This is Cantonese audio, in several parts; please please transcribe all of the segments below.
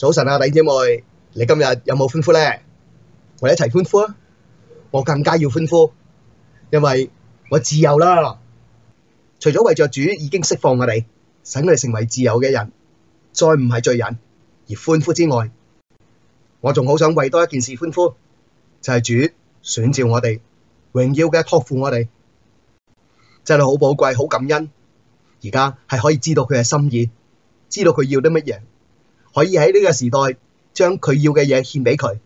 早晨啊，弟兄姊妹，你今日有冇歡呼咧？我哋一齊歡呼啊！我更加要歡呼，因為我自由啦！除咗為着主已經釋放我哋，使我哋成為自由嘅人，再唔係罪人而歡呼之外，我仲好想為多一件事歡呼，就係主選召我哋，榮耀嘅託付我哋，真係好寶貴，好感恩。而家係可以知道佢嘅心意，知道佢要啲乜嘢。可以喺呢個時代將佢要嘅嘢獻俾佢，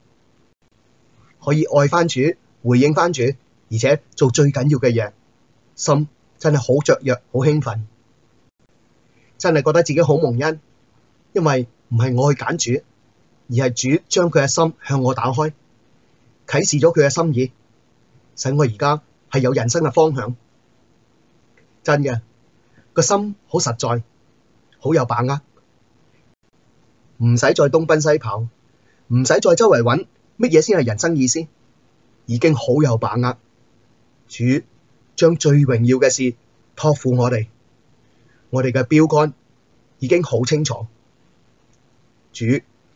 可以愛翻主，回應翻主，而且做最緊要嘅嘢，心真係好雀躍，好興奮，真係覺得自己好蒙恩，因為唔係我去揀主，而係主將佢嘅心向我打開，啟示咗佢嘅心意，使我而家係有人生嘅方向，真嘅，個心好實在，好有把握。唔使再東奔西跑，唔使再周圍揾乜嘢先係人生意思，已經好有把握。主將最榮耀嘅事託付我哋，我哋嘅標杆已經好清楚。主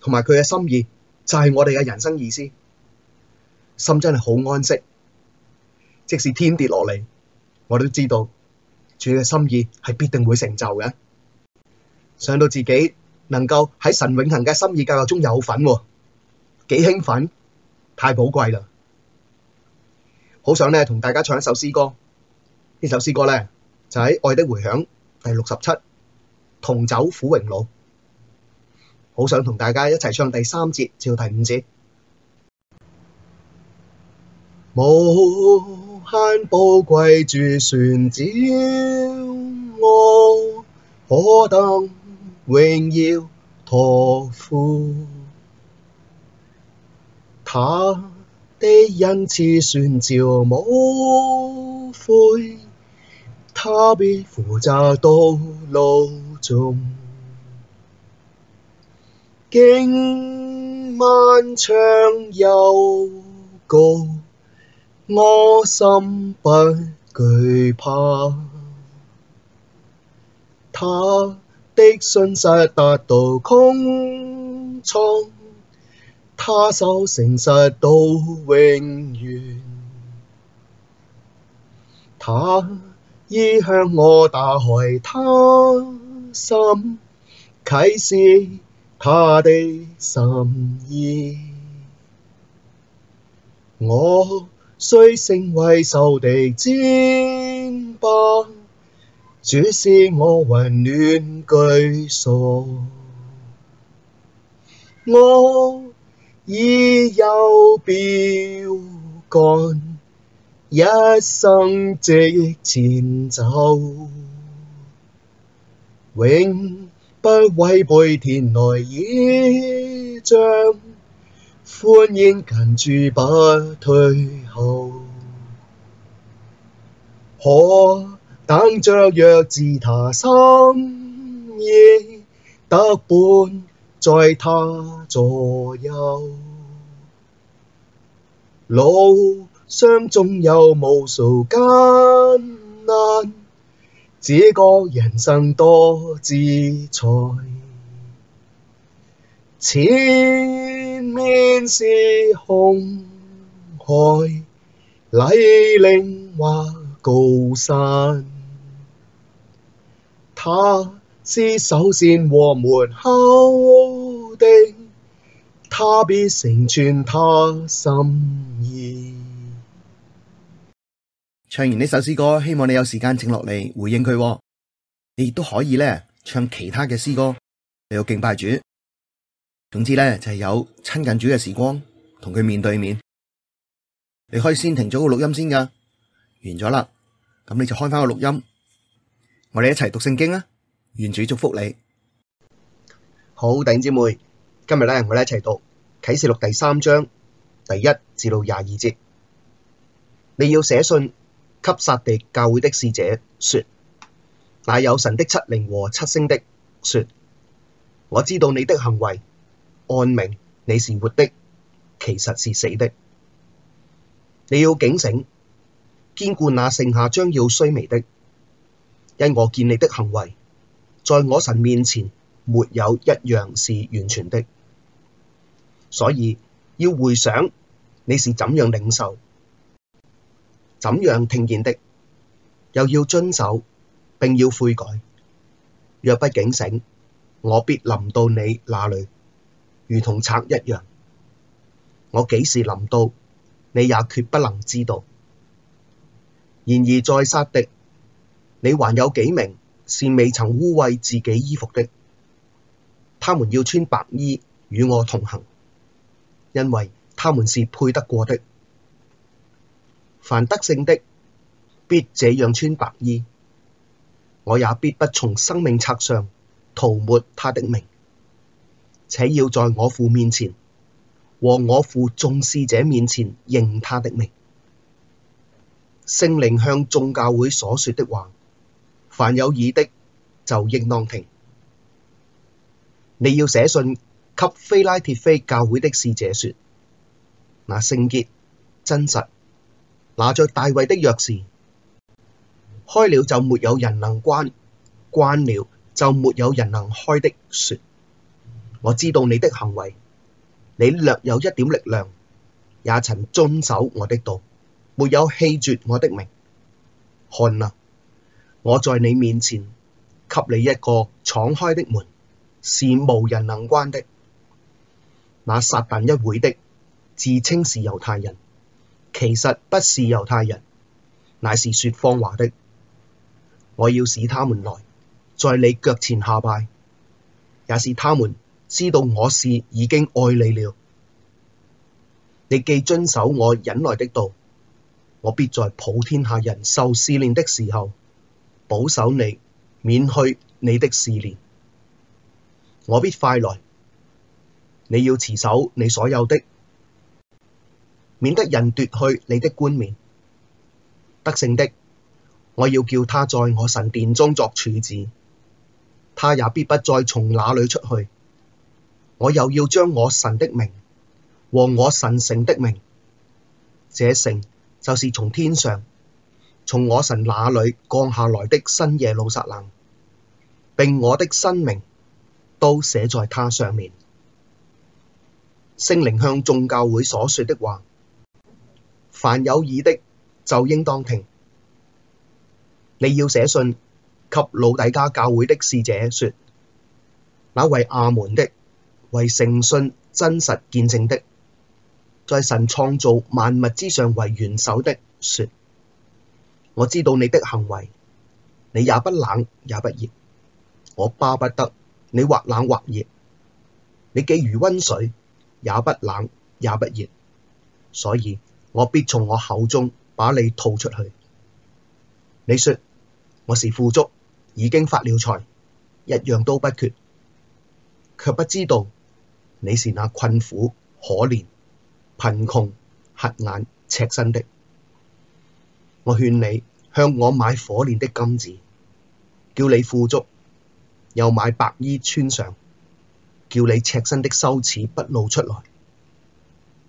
同埋佢嘅心意就係我哋嘅人生意思，心真係好安息。即使天跌落嚟，我都知道主嘅心意係必定會成就嘅。想到自己。能夠喺神永恆嘅心意教育中有份喎、啊，幾興奮，太寶貴啦！好想咧同大家唱一首詩歌，呢首詩歌咧就喺《愛的迴響》第六十七，同走苦榮路。好想同大家一齊唱第三節至到第五節。無限寶貴主選召我，何等。榮耀託付，他的恩賜選召無悔，他必負責到路終。經漫長幽谷，我心不懼怕，他。的信實達到穹蒼，他守誠實到永遠。他已向我打開他心，啟示他的心意，我雖成為仇敵箭靶。主是我溫暖居所，我已有標竿，一生直前走，永不違背天來異象，歡然跟主不退後，可。等雀躍知祂心意，得伴在他左右，路上縱有無數艱難，只覺人生多姿采。前面是紅海、泥濘或高山。他是首先和末後的。他必成全他心意。唱完呢首詩歌，希望你有時間靜落嚟回應佢。你亦都可以咧唱其他嘅詩歌，你要敬拜主。總之咧就係、是、有親近主嘅時光，同佢面對面。你可以先停咗個錄音先㗎，完咗啦，咁你就開返個錄音。我哋一齊讀聖經啊！願主祝福你。好，弟兄姊妹，今日咧，我哋一齊讀啟示錄第三章第一至到廿二節。你要寫信給撒狄教會的使者說：那有神的七靈和七星的說，我知道你的行為，按名你是活的，其實是死的。你要警醒，堅固那剩下將要衰微的。因我見你的行為，在我神面前沒有一樣是完全的，所以要回想你是怎樣領受、怎樣聽見的，又要遵守，並要悔改。若不警醒，我必臨到你那裏，如同賊一樣。我幾時臨到，你也決不能知道。然而在撒狄。你還有幾名是未曾污穢自己衣服的，他們要穿白衣與我同行，因為他們是配得過的。凡得勝的，必這樣穿白衣。我也必不從生命冊上塗抹他的名，且要在我父面前和我父眾使者面前認他的名。聖靈向眾教會所說的話。凡有耳的，就應當聽。你要寫信給非拉鐵非教會的使者說：那聖潔、真實、拿着大衛的鑰匙，開了就沒有人能關，關了就沒有人能開的說。我知道你的行為，你略有一點力量，也曾遵守我的道，沒有棄絕我的名。看哪。我在你面前給你一個敞開的門，是無人能關的。那撒旦一會的，自稱是猶太人，其實不是猶太人，乃是說謊話的。我要使他們來，在你腳前下拜，也是他們知道我是已經愛你了。你既遵守我忍耐的道，我必在普天下人受試煉的時候。保守你，免去你的試煉。我必快來，你要持守你所有的，免得人奪去你的冠冕。得勝的，我要叫他在我神殿中作柱子，他也必不再從那裡出去。我又要將我神的名和我神城的名，這城就是從天上。從我神那裡降下來的新耶路撒冷，並我的新名都寫在他上面。聖靈向眾教會所說的話：凡有耳的，就應當聽。你要寫信給老底嘉教會的使者說：那位阿門的，為誠信、真實見證的，在神創造萬物之上為元首的，說。我知道你的行為，你也不冷也不熱，我巴不得你或冷或熱，你既如溫水，也不冷也不熱，所以我必從我口中把你吐出去。你說我是富足，已經發了財，一樣都不缺，卻不知道你是那困苦、可憐、貧窮、瞎眼、赤身的。我勸你向我買火煉的金子，叫你富足；又買白衣穿上，叫你赤身的羞恥不露出來；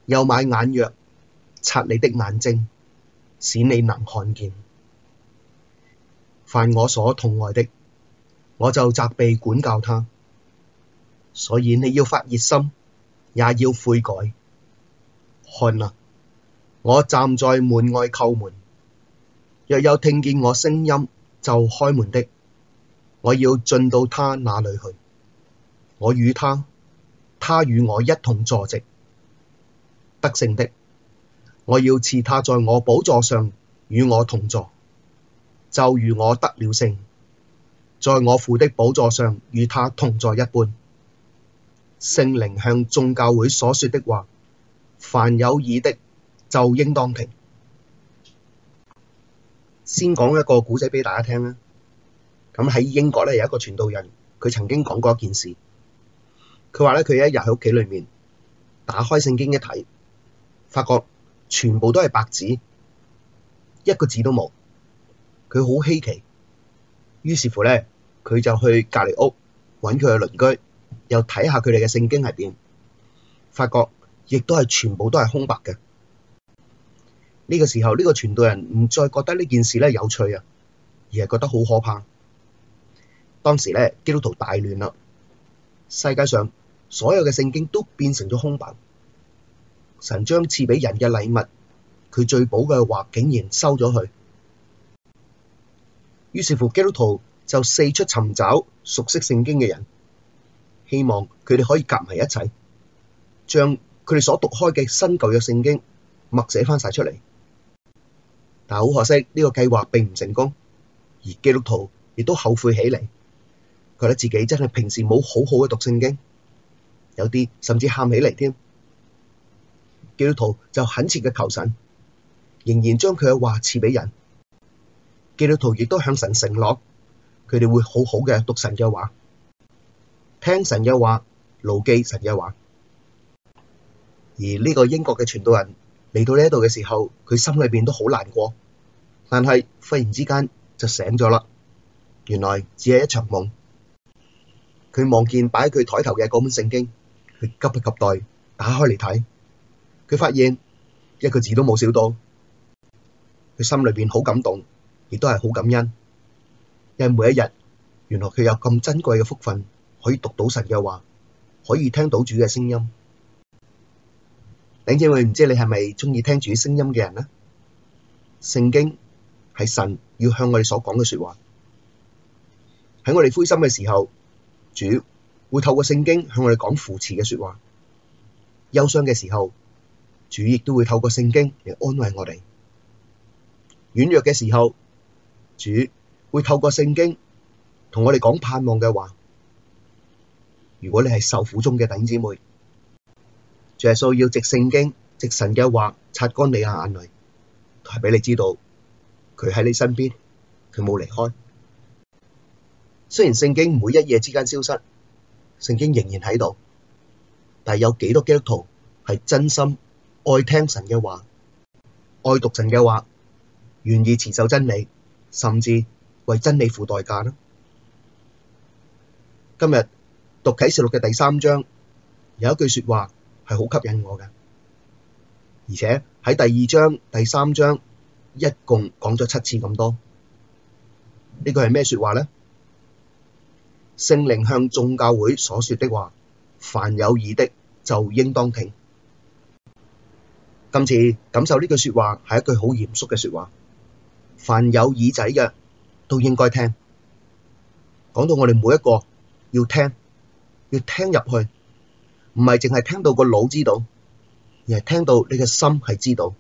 又買眼藥擦你的眼睛，使你能看見。凡我所疼愛的，我就責備管教他。所以你要發熱心，也要悔改。看哪，我站在門外叩門。若有聽見我聲音就開門的，我要進到他那裡去，我與他，他與我一同坐席。得勝的，我要賜他在我寶座上與我同坐，就如我得了勝，在我父的寶座上與他同坐一般。聖靈向眾教會所說的話，凡有耳的就應當聽。先講一個古仔畀大家聽啦。咁喺英國咧，有一個傳道人，佢曾經講過一件事。佢話咧，佢一日喺屋企裏面打開聖經一睇，發覺全部都係白紙，一個字都冇。佢好稀奇，於是乎咧，佢就去隔離屋揾佢嘅鄰居，又睇下佢哋嘅聖經係點，發覺亦都係全部都係空白嘅。呢個時候，呢個傳道人唔再覺得呢件事咧有趣啊，而係覺得好可怕。當時咧，基督徒大亂啦，世界上所有嘅聖經都變成咗空白。神將賜俾人嘅禮物，佢最寶嘅話，竟然收咗去。於是乎，基督徒就四處尋找熟悉聖經嘅人，希望佢哋可以夾埋一齊，將佢哋所讀開嘅新舊嘅聖經默寫翻晒出嚟。但好可惜，呢個計劃並唔成功，而基督徒亦都後悔起嚟，覺得自己真係平時冇好好嘅讀聖經，有啲甚至喊起嚟添。基督徒就懇切嘅求神，仍然將佢嘅話賜俾人。基督徒亦都向神承諾，佢哋會好好嘅讀神嘅話，聽神嘅話，牢記神嘅話。而呢個英國嘅傳道人。嚟到呢度嘅時候，佢心裏邊都好難過，但係忽然之間就醒咗啦。原來只係一場夢。佢望見擺喺佢台頭嘅嗰本聖經，佢急不及待打開嚟睇。佢發現一個字都冇少到，佢心裏邊好感動，亦都係好感恩，因為每一日原來佢有咁珍貴嘅福分，可以讀到神嘅話，可以聽到主嘅聲音。弟兄姊妹，唔知你係咪中意聽主聲音嘅人呢？聖經係神要向我哋所講嘅說話。喺我哋灰心嘅時候，主會透過聖經向我哋講扶持嘅說話；憂傷嘅時候，主亦都會透過聖經嚟安慰我哋；軟弱嘅時候，主會透過聖經同我哋講盼望嘅話。如果你係受苦中嘅弟兄姊妹。耶穌要藉聖經，藉神嘅話，擦乾你嘅眼淚，係俾你知道佢喺你身邊，佢冇離開。雖然聖經唔會一夜之間消失，聖經仍然喺度，但係有幾多基督徒係真心愛聽神嘅話，愛讀神嘅話，願意持守真理，甚至為真理付代價呢？今日讀啟示錄嘅第三章有一句說話，係好吸引我嘅，而且喺第二章、第三章一共講咗七次咁多。呢句係咩說話呢？聖靈向眾教會所說的話，凡有耳的，就應當聽。今次感受呢句說話係一句好嚴肅嘅說話，凡有耳仔嘅都應該聽。講到我哋每一個要聽，要聽入去。唔係淨係聽到個腦知道，而係聽到你嘅心係知道。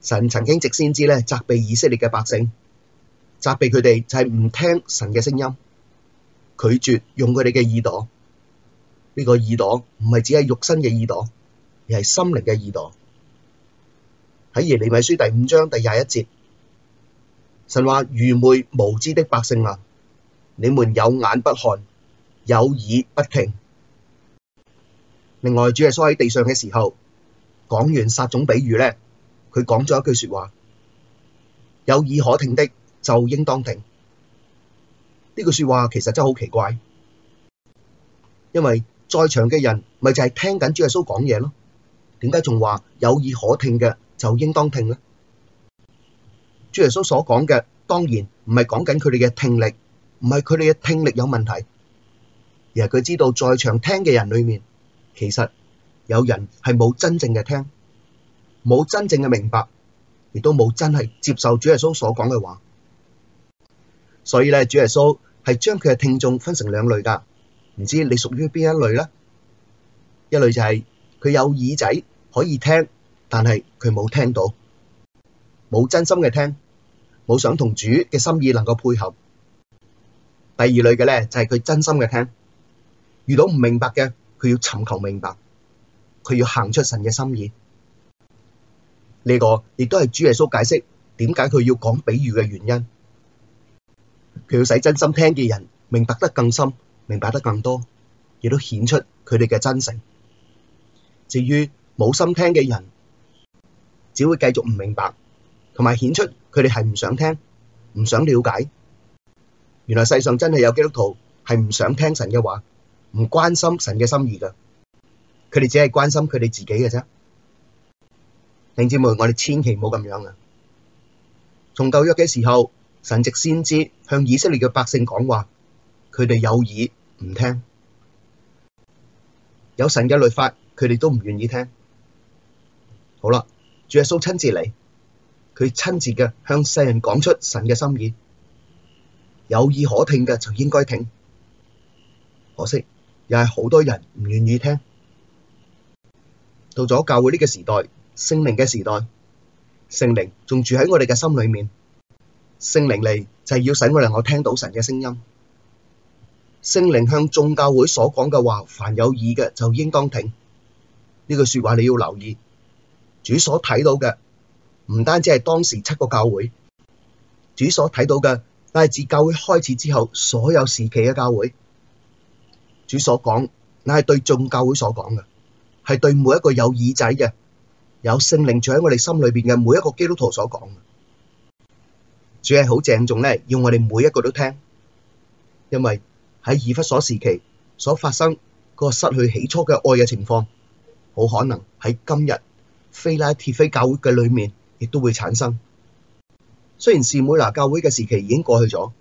神曾經直先知咧，責備以色列嘅百姓，責備佢哋就係唔聽神嘅聲音，拒絕用佢哋嘅耳朵。呢個耳朵唔係只係肉身嘅耳朵，而係心靈嘅耳朵。喺耶利米書第五章第廿一節，神話愚昧無知的百姓啊，你們有眼不看，有耳不聽。另外，主耶穌喺地上嘅時候，講完撒種比喻呢，佢講咗一句說話：有耳可聽的就應當聽。呢句說話其實真係好奇怪，因為在場嘅人咪就係、是、聽緊主耶穌講嘢咯？點解仲話有耳可聽嘅就應當聽呢？主耶穌所講嘅當然唔係講緊佢哋嘅聽力，唔係佢哋嘅聽力有問題，而係佢知道在場聽嘅人裏面。其實有人係冇真正嘅聽，冇真正嘅明白，亦都冇真係接受主耶穌所講嘅話。所以咧，主耶穌係將佢嘅聽眾分成兩類噶。唔知你屬於邊一類咧？一類就係佢有耳仔可以聽，但係佢冇聽到，冇真心嘅聽，冇想同主嘅心意能夠配合。第二類嘅咧就係佢真心嘅聽，遇到唔明白嘅，佢要尋求明白，佢要行出神嘅心意。呢個亦都係主耶穌解釋點解佢要講比喻嘅原因。佢要使真心聽嘅人明白得更深，明白得更多，亦都顯出佢哋嘅真誠。至於冇心聽嘅人，只會繼續唔明白，同埋顯出佢哋係唔想聽，唔想了解。原來世上真係有基督徒係唔想聽神嘅話。唔關心神嘅心意噶，佢哋只係關心佢哋自己嘅啫。弟兄姊妹，我哋千祈唔好咁樣啊！從舊約嘅時候，神直先知向以色列嘅百姓講話，佢哋有耳唔聽，有神嘅律法，佢哋都唔願意聽。好啦，主耶穌親自嚟，佢親自嘅向世人講出神嘅心意，有耳可聽嘅就應該聽，可惜。又係好多人唔願意聽。到咗教會呢個時代，聖靈嘅時代，聖靈仲住喺我哋嘅心裏面。聖靈嚟就係要使我哋可聽到神嘅聲音。聖靈向眾教會所講嘅話，凡有耳嘅就應當聽。呢句說話你要留意。主所睇到嘅，唔單止係當時七個教會，主所睇到嘅，係自教會開始之後所有時期嘅教會。主所講，乃係對眾教會所講嘅，係對每一個有耳仔嘅、有聖靈住喺我哋心裏邊嘅每一個基督徒所講嘅。主係好鄭重咧，要我哋每一個都聽，因為喺以弗所時期所發生個失去起初嘅愛嘅情況，好可能喺今日非拉鐵非教會嘅裏面亦都會產生。雖然士每拿教會嘅時期已經過去咗，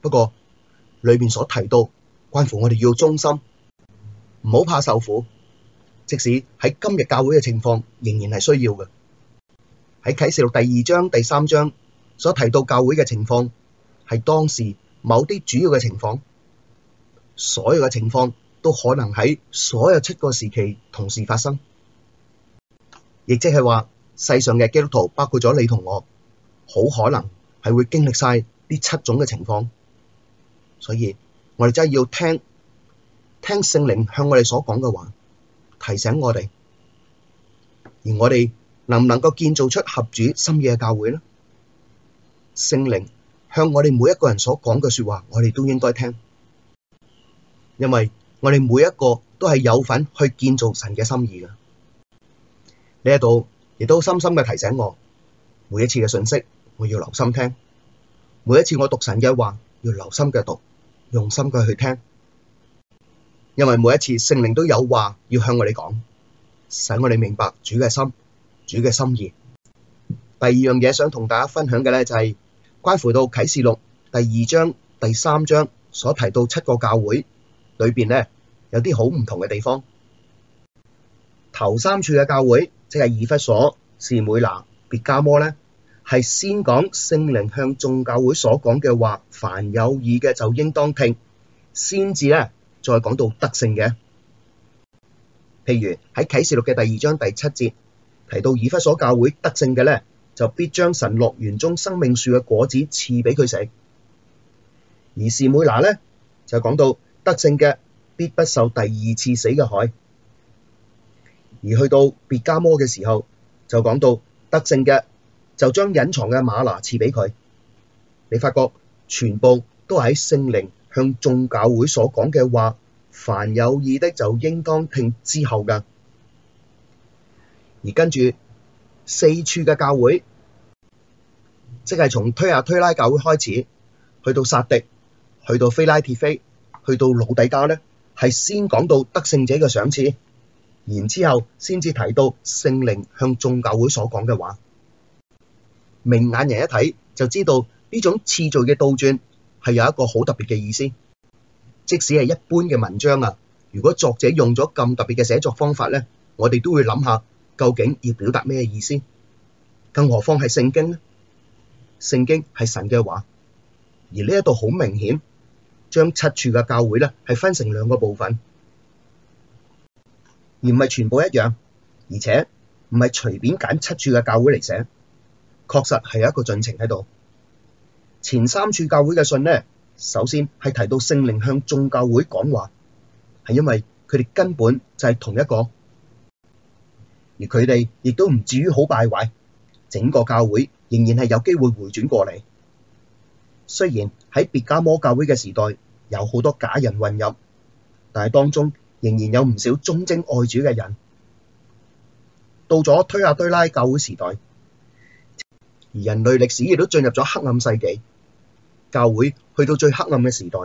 不過裏面所提到。關乎我哋要忠心，唔好怕受苦。即使喺今日教會嘅情況，仍然係需要嘅。喺啟示錄第二章、第三章所提到教會嘅情況，係當時某啲主要嘅情況。所有嘅情況都可能喺所有七個時期同時發生，亦即係話世上嘅基督徒，包括咗你同我，好可能係會經歷晒呢七種嘅情況。所以。我哋真係要聽聽聖靈向我哋所講嘅話，提醒我哋，而我哋能唔能夠建造出合主心意嘅教會呢？聖靈向我哋每一個人所講嘅說話，我哋都應該聽，因為我哋每一個都係有份去建造神嘅心意嘅。呢一度亦都深深嘅提醒我，每一次嘅信息我要留心聽，每一次我讀神嘅話要留心嘅讀。用心嘅去聽，因為每一次聖靈都有話要向我哋講，使我哋明白主嘅心、主嘅心意。第二樣嘢想同大家分享嘅咧，就係關乎到啟示錄第二章、第三章所提到七個教會裏邊咧，有啲好唔同嘅地方。頭三處嘅教會，即係以弗所、士每拿、別加摩咧。係先講聖靈向眾教會所講嘅話，凡有耳嘅就應當聽，先至咧再講到得勝嘅。譬如喺啟示錄嘅第二章第七節提到，以弗所教會得勝嘅咧，就必將神樂園中生命樹嘅果子賜俾佢食。而士每拿咧就講到得勝嘅必不受第二次死嘅害。而去到別迦摩嘅時候就講到得勝嘅。就將隱藏嘅嗎哪賜畀佢。你發覺全部都喺聖靈向眾教會所講嘅話，凡有耳的就應當聽之後㗎。而跟住四處嘅教會，即係從推亞推拉教會開始，去到撒狄，去到非拉鐵非，去到老底嘉咧，係先講到得勝者嘅賞賜，然之後先至提到聖靈向眾教會所講嘅話。明眼人一睇就知道呢種次序嘅倒轉係有一個好特別嘅意思。即使係一般嘅文章啊，如果作者用咗咁特別嘅寫作方法咧，我哋都會諗下究竟要表達咩意思。更何況係聖經呢？聖經係神嘅話，而呢一度好明顯將七處嘅教會咧係分成兩個部分，而唔係全部一樣，而且唔係隨便揀七處嘅教會嚟寫。確實係有一個進程喺度。前三處教會嘅信呢，首先係提到聖靈向眾教會講話，係因為佢哋根本就係同一個，而佢哋亦都唔至於好敗壞，整個教會仍然係有機會回轉過嚟。雖然喺別迦摩教會嘅時代有好多假人混入，但係當中仍然有唔少忠貞愛主嘅人。到咗推雅推喇教會時代。而人類歷史亦都進入咗黑暗世紀，教會去到最黑暗嘅時代，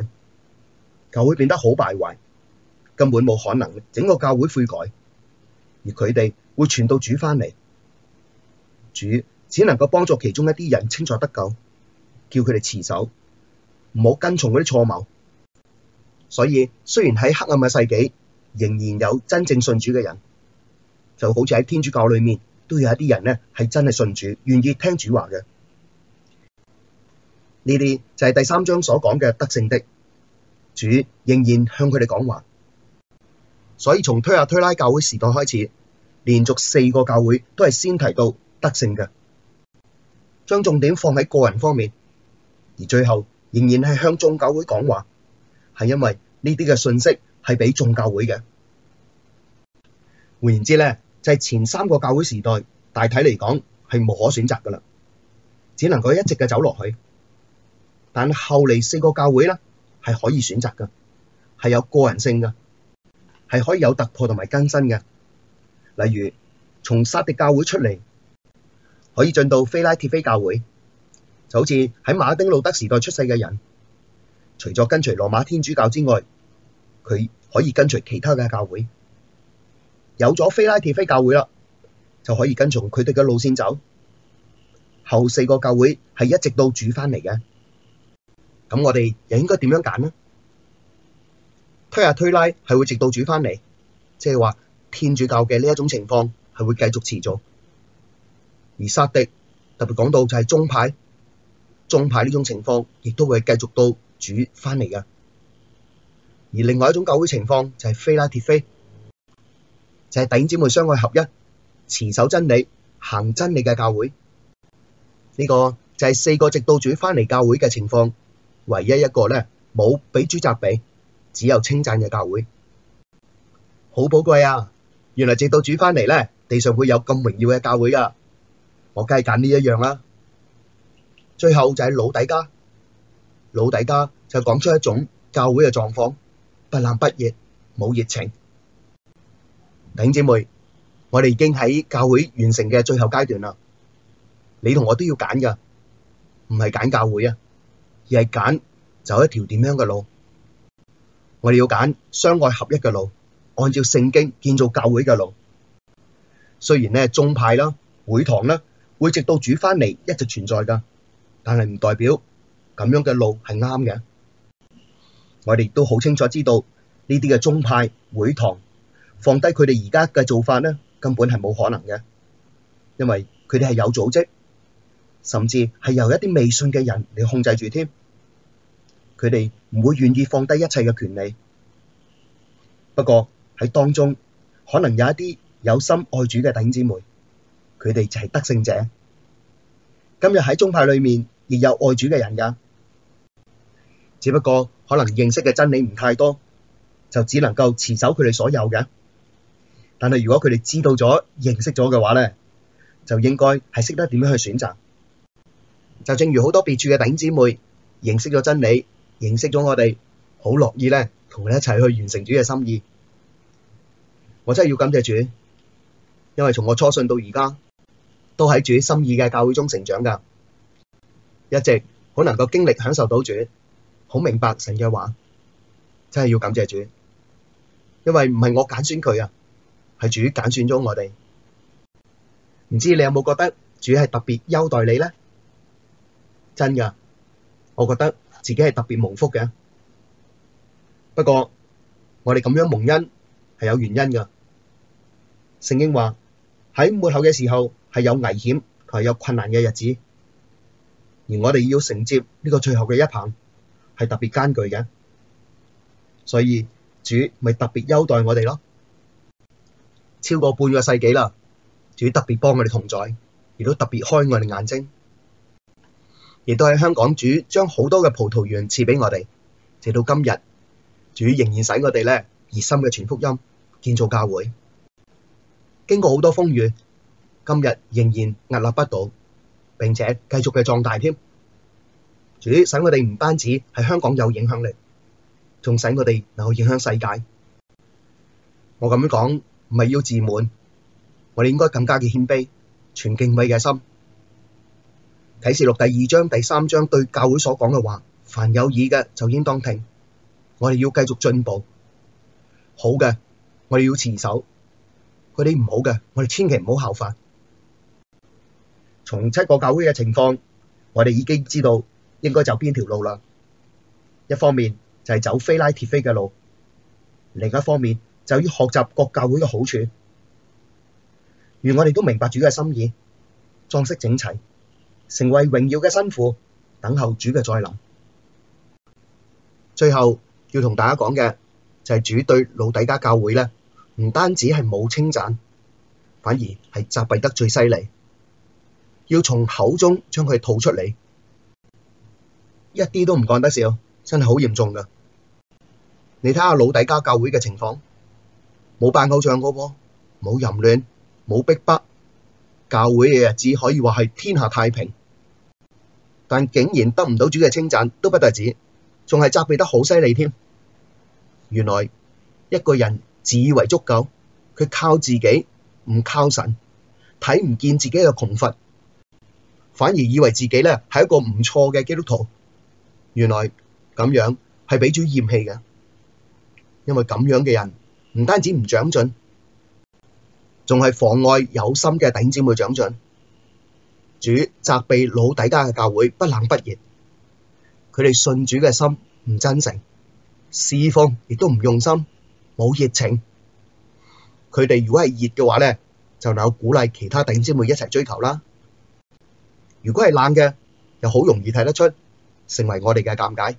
教會變得好敗壞，根本冇可能整個教會悔改，而佢哋會傳到主翻嚟，主只能夠幫助其中一啲人清楚得救，叫佢哋持守，唔好跟從嗰啲錯謬。所以雖然喺黑暗嘅世紀，仍然有真正信主嘅人，就好似喺天主教裏面。都有一啲人呢，係真係信主，願意聽主話嘅。呢啲就係第三章所講嘅得勝的主，仍然向佢哋講話。所以從推雅、啊、推喇教會時代開始，連續四個教會都係先提到得勝嘅，將重點放喺個人方面，而最後仍然係向眾教會講話，係因為呢啲嘅信息係俾眾教會嘅。換言之咧。就係前三個教會時代，大體嚟講係無可選擇噶啦，只能夠一直嘅走落去。但後嚟四個教會咧，係可以選擇噶，係有個人性噶，係可以有突破同埋更新嘅。例如從撒狄教會出嚟，可以進到非拉鐵非教會，就好似喺馬丁路德時代出世嘅人，除咗跟隨羅馬天主教之外，佢可以跟隨其他嘅教會。有咗非拉鐵非教會啦，就可以跟從佢哋嘅路線走。後四個教會係一直到主翻嚟嘅，咁我哋又應該點樣揀呢？推下推拉係會直到主翻嚟，即係話天主教嘅呢一種情況係會繼續持續。而撒狄特別講到就係宗派，宗派呢種情況亦都會繼續到主翻嚟嘅。而另外一種教會情況就係非拉鐵非。就係弟兄姊妹相愛合一，持守真理，行真理嘅教會。呢、這個就係四個直到主翻嚟教會嘅情況，唯一一個咧冇俾主責備，只有稱讚嘅教會，好寶貴啊！原來直到主翻嚟咧，地上會有咁榮耀嘅教會啊！我梗係揀呢一樣啦，啊。最後就係老底嘉。老底嘉就講出一種教會嘅狀況，不冷不熱，冇熱情。弟姐妹，我哋已經喺教會完成嘅最後階段啦。你同我都要揀噶，唔係揀教會啊，而係揀走一條點樣嘅路。我哋要揀相愛合一嘅路，按照聖經建造教會嘅路。雖然咧宗派啦，會堂啦會直到主返嚟一直存在噶，但係唔代表咁樣嘅路係啱嘅。我哋亦都好清楚知道呢啲嘅宗派、會堂。放低佢哋而家嘅做法咧，根本係冇可能嘅，因為佢哋係有組織，甚至係由一啲未信嘅人嚟控制住添。佢哋唔會願意放低一切嘅權利。不過喺當中，可能有一啲有心愛主嘅弟兄姊妹，佢哋就係得勝者。今日喺宗派裏面亦有愛主嘅人噶，只不過可能認識嘅真理唔太多，就只能夠持守佢哋所有嘅。但係，如果佢哋知道咗、認識咗嘅話咧，就應該係識得點樣去選擇。就正如好多別處嘅弟兄姊妹認識咗真理，認識咗我哋，好樂意咧同佢一齊去完成主嘅心意。我真係要感謝主，因為從我初信到而家都喺主心意嘅教會中成長噶，一直好能夠經歷、享受到主，好明白神嘅話，真係要感謝主，因為唔係我揀選佢啊。係主揀選咗我哋，唔知你有冇覺得主係特別優待你呢？真噶，我覺得自己係特別蒙福嘅。不過我哋咁樣蒙恩係有原因噶。聖經話喺末後嘅時候係有危險同有困難嘅日子，而我哋要承接呢個最後嘅一棒係特別艱巨嘅，所以主咪特別優待我哋咯。超過半個世紀啦！主特別幫我哋同在，亦都特別開我哋眼睛，亦都喺香港主將好多嘅葡萄園賜畀我哋，直到今日，主仍然使我哋咧熱心嘅傳福音、建造教會，經過好多風雨，今日仍然屹立不倒，並且繼續嘅壯大添。主使我哋唔單止喺香港有影響力，仲使我哋能夠影響世界。我咁樣講。唔係要自滿，我哋應該更加嘅謙卑、存敬畏嘅心。啟示錄第二章、第三章對教會所講嘅話，凡有耳嘅就應當聽。我哋要繼續進步，好嘅，我哋要持守。佢哋唔好嘅，我哋千祈唔好效法。從七個教會嘅情況，我哋已經知道應該走邊條路啦。一方面就係走非拉鐵非嘅路，另一方面。就要學習各教會嘅好處，如我哋都明白主嘅心意，裝飾整齊，成為榮耀嘅新婦，等候主嘅再臨。最後要同大家講嘅就係、是、主對老底嘉教會呢，唔單止係冇稱讚，反而係責備得最犀利，要從口中將佢吐出嚟，一啲都唔講得少，真係好嚴重噶。你睇下老底嘉教會嘅情況。冇辦偶像個，冇淫亂，冇逼迫，教會嘅日子可以話係天下太平，但竟然得唔到主嘅稱讚，都不但止，仲係責備得好犀利添。原來一個人自以為足夠，佢靠自己唔靠神，睇唔見自己嘅窮乏，反而以為自己咧係一個唔錯嘅基督徒。原來咁樣係俾主嫌棄嘅，因為咁樣嘅人，唔單止唔長進，仲係妨礙有心嘅弟兄姊妹長進。主責備老底嘉嘅教會不冷不熱，佢哋信主嘅心唔真誠，侍奉亦都唔用心，冇熱情。佢哋如果係熱嘅話咧，就能有鼓勵其他弟兄姊妹一齊追求啦。如果係冷嘅，又好容易睇得出，成為我哋嘅尷尬。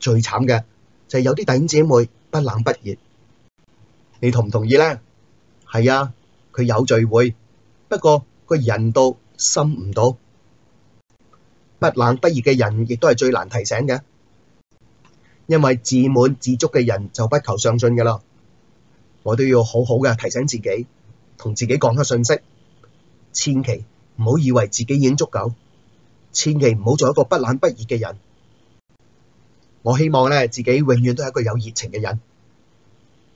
最慘嘅就係有啲弟兄姊妹不冷不熱。你同唔同意呢？係啊，佢有聚會，不過個人到心唔到，不冷不熱嘅人亦都係最難提醒嘅，因為自滿自足嘅人就不求上進噶啦。我都要好好嘅提醒自己，同自己講個信息，千祈唔好以為自己已經足夠，千祈唔好做一個不冷不熱嘅人。我希望咧，自己永遠都係一個有熱情嘅人。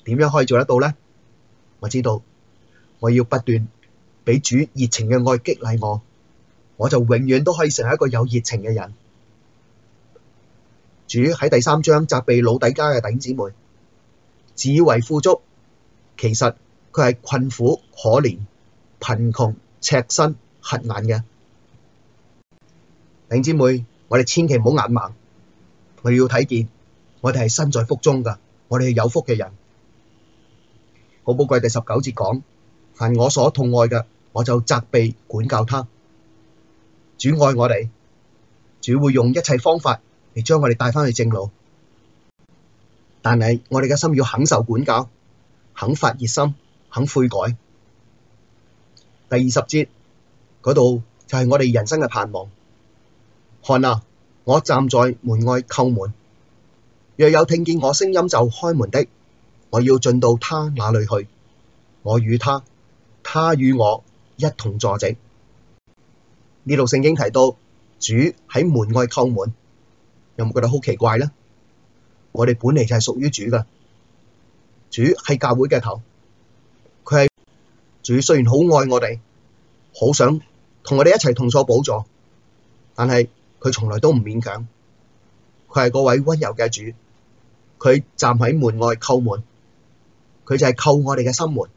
點樣可以做得到呢？我知道我要不斷俾主熱情嘅愛激勵我，我就永遠都可以成為一個有熱情嘅人。主喺第三章責備老底嘉嘅頂姊妹，自以為富足，其實佢係困苦、可憐、貧窮、赤身、瞎眼嘅頂姊妹。我哋千祈唔好眼盲，我要睇見我哋係身在福中噶，我哋係有福嘅人。好寶貴，第十九節講：凡我所疼愛嘅，我就責備管教他。主愛我哋，主會用一切方法嚟，將我哋帶返去正路。但係我哋嘅心要肯受管教，肯發熱心，肯悔改。第二十節嗰度就係我哋人生嘅盼望。看啊，我站在門外叩門，若有聽見我聲音就開門的。我要進到他那裡去，我與他，他與我一同坐席。呢度，聖經提到主喺門外叩門，有冇覺得好奇怪咧？我哋本嚟,就係屬於主噶主係教會嘅頭，佢係主，主，雖然好愛我哋，好想同我哋一齊同坐寶座，但係佢從來都唔勉強，佢係嗰位温柔嘅主，佢站喺門外叩門。佢就係叩我哋嘅心門，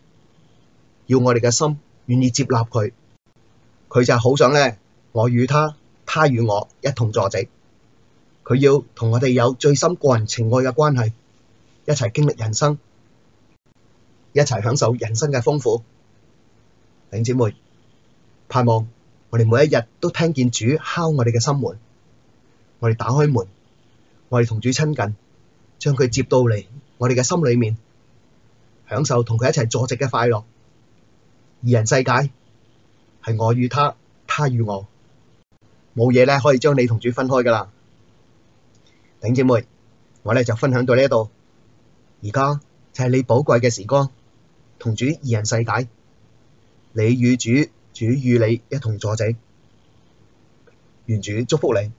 要我哋嘅心願意接納佢，佢就係好想咧我與他，他與我一同坐席，佢要同我哋有最深個人情愛嘅關係，一齊經歷人生，一齊享受人生嘅豐富。弟兄姊妹，盼望我哋每一日都聽見主敲我哋嘅心門，我哋打開門，我哋同主親近，將佢接到嚟我哋嘅心裏面。享受同佢一齊坐席嘅快樂，二人世界係我與他，他與我冇嘢，咧可以將你同主分開噶啦。頂姐妹，我咧就分享到呢一度，而家就係你寶貴嘅時光，同主二人世界，你與主，主與你一同坐席，願主祝福你。